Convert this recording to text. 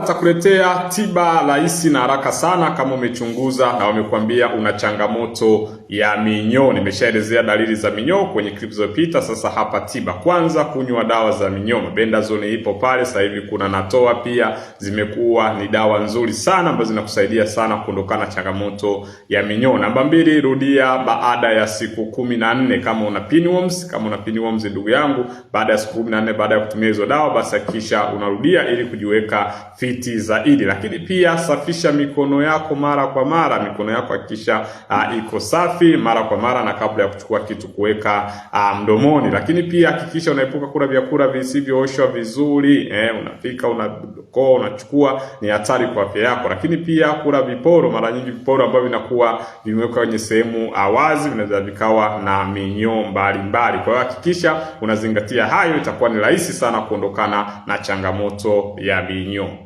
Nitakuletea tiba rahisi na haraka sana kama umechunguza na wamekwambia una changamoto ya minyoo. Nimeshaelezea dalili za minyoo kwenye clip zilizopita. Sasa hapa tiba, kwanza kunywa dawa za minyoo. Mabendazole ipo pale sasa hivi, kuna natoa pia, zimekuwa ni dawa nzuri sana ambazo zinakusaidia sana kuondokana changamoto ya minyoo. Namba mbili, rudia baada ya siku kumi na nne kama una pinworms. Kama una pinworms, ndugu yangu, baada ya siku kumi na nne baada ya kutumia hizo dawa, basi kisha unarudia ili kujiweka fiti zaidi. Lakini pia safisha mikono yako mara kwa mara. Mikono yako hakikisha uh, iko safi mara kwa mara, na kabla ya kuchukua kitu kuweka uh, mdomoni. Lakini pia hakikisha unaepuka kula vyakula visivyooshwa vizuri. Eh, unafika unakoa, unachukua, ni hatari kwa afya yako. Lakini pia kula viporo mara nyingi, viporo ambavyo vinakuwa vimewekwa kwenye sehemu awazi ah, vinaweza vikawa na minyoo mbalimbali. Kwa hiyo hakikisha unazingatia hayo, itakuwa ni rahisi sana kuondokana na changamoto ya minyoo.